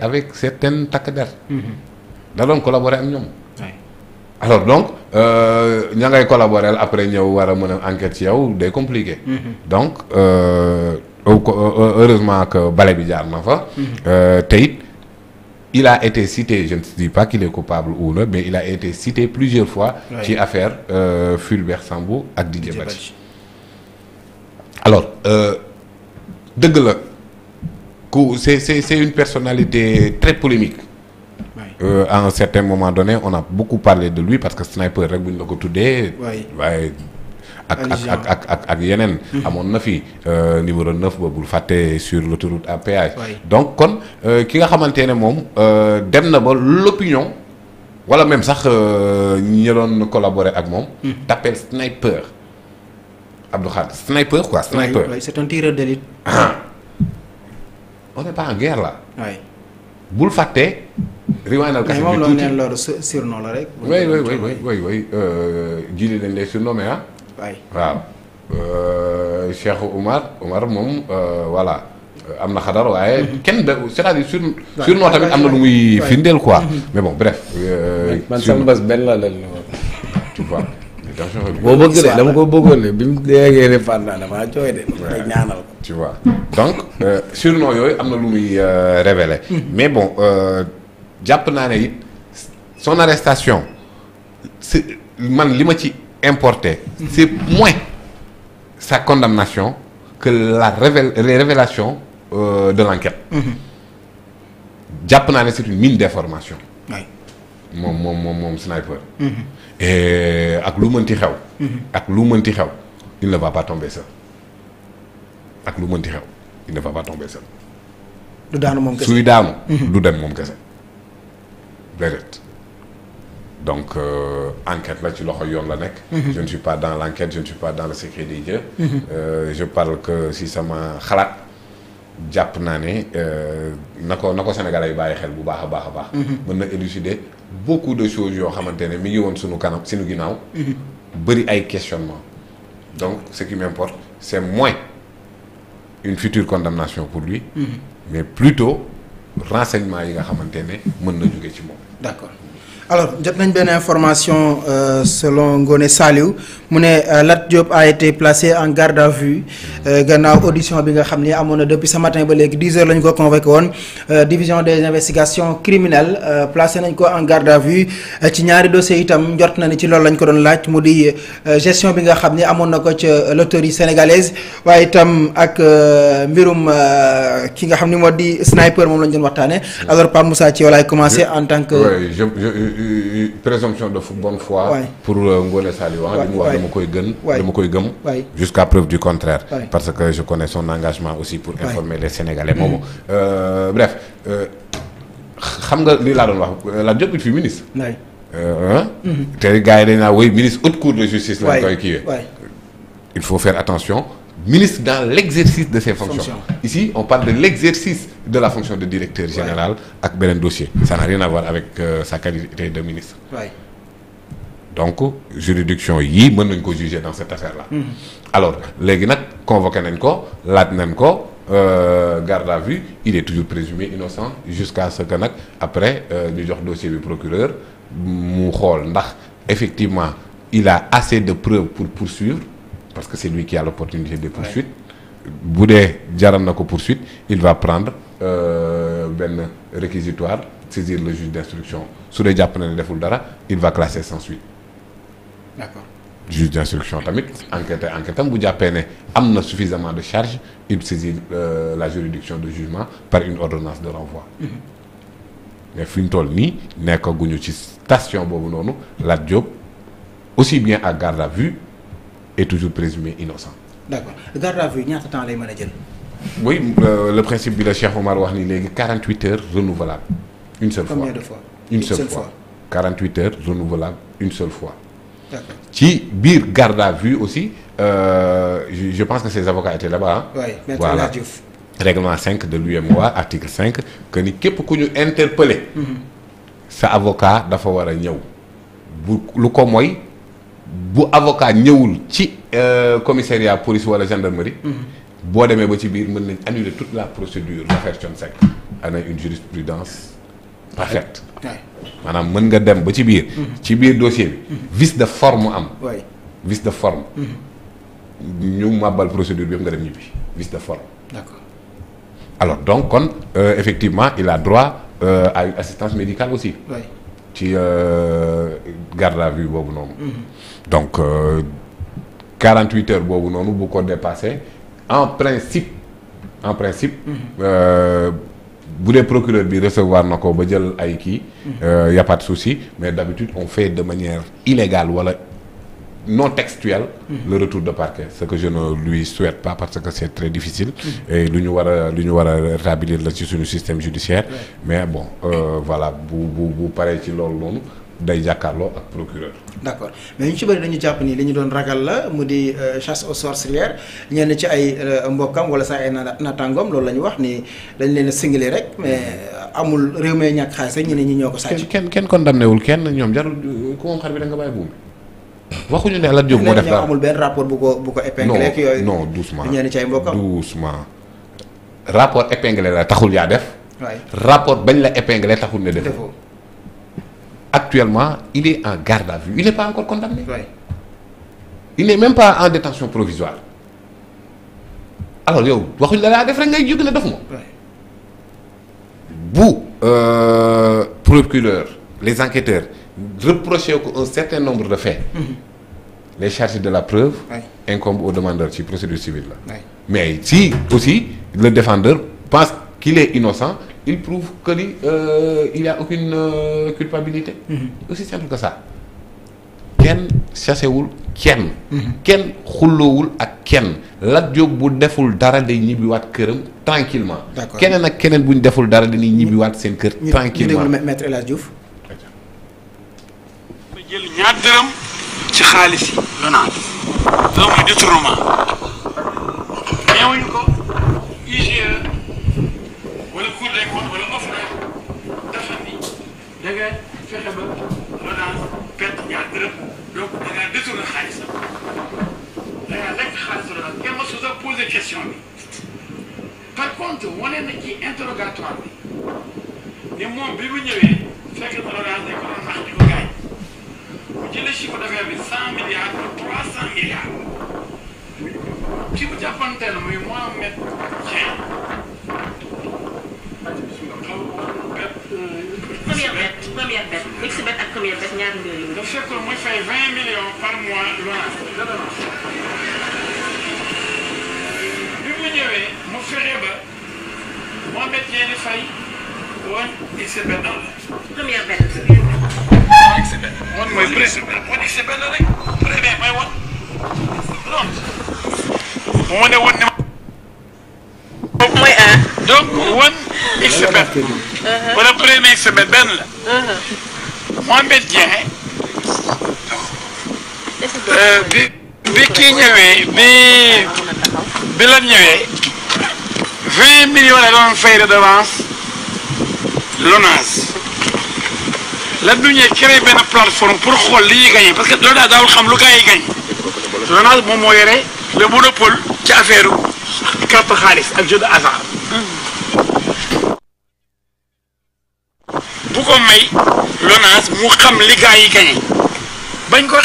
avec certaines takk der mm-hmm. da doon collaborer ak ñoom alors donc euh, ña ngay collaborer après ñëw war a mën a enquête ci yow day compliqué mm-hmm. donc euh, euh, heureusement que bale bi jaar na fa mm-hmm. te it il a été cité je ne dis pas qu'il est coupable ou non mais il a été cité plusieurs fois ci affaire Fulbert Sambou ak Didier Badji alors dëgg la ku c'est c'est c'est une personnalité très polémique. en euh, à certain moment donné on a beaucoup parlé de lui parce que sniper rek bu ñu la ko tuddee. waaye ak ak ak ak ak yeneen. Mhm. amoon na fi euh, numéro 9 ba bul fàtte sur l'autoroute à péage. donc kon euh, ki nga xamante ne moom dem na ba l'opinion wala même sax ñi doon collaborer ak moom. Mhm. t'appelle sniper Abdou Khadre sniper quoi. sniper on n'est pas en guerre là. waay bul fàtte. riwaanal kese bi tuuti mais moom la ñu loolu surnom la rek. oui oui oui oui oui euh, jili dañ lay surnommé ah. waay waaw. Euh, Cheikh Oumar Oumar moom euh, voilà. am na xadar waaye mhm. kenn da c'est-à-dire sur surnom tamit am na lu muy firndeel quoi mais bon bref. man sama bés benn la leen tu vois. boo bëgg de dama ko bëggoon ne bi mu déggee répandant damaa jooy de. waaw ñaanal ko. donc euh, surnom yooyu am na lu muy euh, révélé. mais bon euh, jàpp naa ne it son arrestation si man li ma ci importé. c'est moins sa condamnation que la révé les révélations de l'enquête. Mm-hmm. jàpp naa ne c'est une mine d'information. moom moom moom moom sniper. Mhm. et eh, ak lu mënti xew. Mhm. ak lu mënti xew il ne va pas tomber seul ak lu mënti xew il ne va pas tomber seul. moom kese suy daanu. Mhm. du dem moom kese déedéet. donc euh, enquête là ci loxo yoon la nekk. je ne suis pas dans l' enquête je ne suis pas dans le secret des dieux. Euh, je parle que si sama xalaat. jàpp naa ne euh, na ko na ko Sénégalais yi bàyyi xel bu baax a baax a baax. Mm-hmm. mën na élucider beaucoup de choses yoo xamante ne mi ngi woon suñu kanam suñu ginnaaw. Mm-hmm. bëri ay questionnement donc ce qui m'importe c'est moins une future condamnation pour lui. Mm-hmm. mais plutôt renseignement yi nga xamante ne mën na jóge ci moom. d'accord. alors jot nañ benn information euh, selon Ngoné Saliou mu ne euh, Lat Diop a été placé en garde à vue euh, gannaaw audition bi nga xam ni amoon na depuis ce matin ba léegi 10 heures la ñu ko convoqué woon euh, division des investigations criminelles placé nañ ko en garde à vue ci ñaari dossiers itam njort na ni ci loolu lañ ko doon laaj mu di gestion bi nga xam ni amoon na ko ca loterie sénégalaise waaye itam ak mbirum ki nga xam ni moo di sniper moom lañ doon waxtaane alors Pape Moussa ci yow commencé en tant que. présomption de bonne foi. pour euh, Ngoné Saliou ah. li mu wax dama koy gën. dama koy gëm. jusqu'à preuve du contraire. parce que je connais son engagement aussi pour informer les Sénégalais moomu. Mm. Euh, bref euh, xam nga li laa doon wax la jot fi ministre. Mm-hmm. te gars dañ naa woy ministre haute cour de justice. lañ koy kiiwee il faut faire attention. ministre dans l'exercice de ses fonctions Fonction. ici on parle de l'exercice de la fonction de directeur général ak beneen dossier ça n'a rien à voir avec euh, sa qualité de ministre donc juridiction yii mën nañ ko juger dans cette affaire la mm-hmm. alors léegi nag convoqué nañ ko laaj nañ ko euh, garde à vue il est toujours présumé innocent jusqu'à ce que nag après euh, ñu jox dossier bi procureur mu xool ndax effectivement il a assez de preuves pour poursuivre parce que c'est lui qui a l'opportunité de poursuite bu dee jaral na ko poursuite il va prendre euh, benn réquisitoire saisir le juge d'instruction su dee jàpp na ne deful dara il va classer sans suite d'accord juge d'instruction tamit enquête enquête bu jàppee ne am na suffisamment de charge il saisit euh, la juridiction de jugement par une ordonnance de renvoi mm-hmm. mais fi ñu toll nii nekkaguñu ci station boobu noonu laaj Diop aussi bien à garde à vue est toujours présumé innocent. d'accord garde à vue ñaata temps lay mën a jël. oui le, euh, le principe bi la Cheikh Omar wax ni léegi 48 heures renouvelable une seule fois combien de fois une seule, une seule fois. fois 48 heures renouvelable une seule fois. ci biir garde à vue aussi euh, je, je pense que ses avocats étaient là-bas ah. oui maître voilà. Diouf. règlement article 5 que ni képp ku ñu interpellé. Mhm. sa avocat dafa war a ñëw bu lu ko mooy. bu avocat ñëwul ci euh, commissariat police wala gendarmerie. Mhm. boo demee ba ci biir mën nañ annuler tout la procédure l'affaire Thione Seck ana une jurisprudence parfaite maanaam mën nga dem ba ci biir mhm. ci biir dossier bi mhm. vice de forme am vice de forme ñu màbbal procédure bi yëpp nga dem ñibbi vice de forme d'accord alors donc kon euh, effectivement il a droit euh, à une assistance médicale aussi ci euh, garde à vue boobu noonu. Mhm. donc euh, quarante huit boobu noonu bu ko dépassé en principe en principe. Mhm. Euh, bu dee procureur bi recevoir na ko ba jël ay kii. Mhm. y a pas de souci mais d'habitude on fait de manière illégale wala. non textuel le retour de parquet ce que je ne lui pas parce que c'est très difficile mhm. et lu ñu war a lu ñu war a la ci suñu système judiciaire mais bon euh, voilà bu bu bu paree ci loolu noonu day jàkkaarloo ak procureur. d'accord mais ñu ci bëri dañu jàpp nii li ñu doon ragal la mu di euh, chasse aux sorcières ñenn ci ay euh, mbokkam wala sax ay naataangoom loolu la ñu wax ni dañ leen a rek mais amul réew mee ñàkk xaalis rek ñeneen ñi ñoo ko sàcc. kenn kenn kenn condamné wul kenn ñoom jarul ku bi da nga bàyyi buum. waxuñu ne Lat Diop moo def amul benn rapport bu ko bu ko épinglé ak yooyu non doucement ñenn ci ay mbokkam doucement rapport épinglé la taxul yaa def rapport bañ la épinglé taxul ne def actuellement il en garde à vue il il n'est même pas en détention provisoire alors yow waxuñ la laa def rek ngay jóg ne def ma bu euh, procureur les enquêteurs reproché ko un certain nombre de faits. Mhm. les charges de la preuve. incombent au demandeur ci procédure civile la. mais si aussi le défendeur pense qu'il est innocent il prouve que ni euh, il y a aucune euh, culpabilité. Mhm. aussi simple que kenn sasewul kenn. Mhm. kenn xulloowul ak kenn. la Diop bu deful dara day ñibbiwaat këram tranquillement keneen ak keneen bu ñu deful dara dañuy ñibbiwaat seen kër. tranquillement ñu déglu maître El Hadj ñaar dërëm ci xaalis yi yonaat loolu mooy détournement ñeewuñ ko IGE wala Cour des comptes wala OFNAC dafa ni da nga fexe ba yonaat perte ñaar dërëm donc da ngaa détourné xaalisam da ngaa lekk xaalis yonaat kenn ma su sa posé question bi par contre wane na ci interrogatoire bi ni moom bi mu ñëwee fekk na yonaat dañ ko doon nax di ko ci la chiffre d'affaires bi cent milliards trois cent milliards ci bu jàppanteel muy Mohamed Dieng. première bet première bet xbet ak première bet ñaari mbir yi. dafa fekk muy fay vingt millions par mois LONASE bi mu ñëwee mu fexe ba Mohamed Dieng di fay woon xbet. première bet. nekk si benn. wan mooy président moo nekk si benn rek. président mooy wan. non. moo ne wan ne ma. boobu mooy A. donc wan nekk si benn. wala président nekk si benn benn la. Uh-huh. Mohamed Dieng. Euh, bi bi kii ñëwee bi bi lan ñëwee. vingt millions la doon fay redevance LONASE. lan du ñuy créé benn pour xool li ñuy gagné parce que loolu daal daawul xam lu gars yi gagné. Lonase moom moo le monopole ci affaire carte xaalis ak jeu de hasard. bu ko may Lonase mu xam li gars yi gagné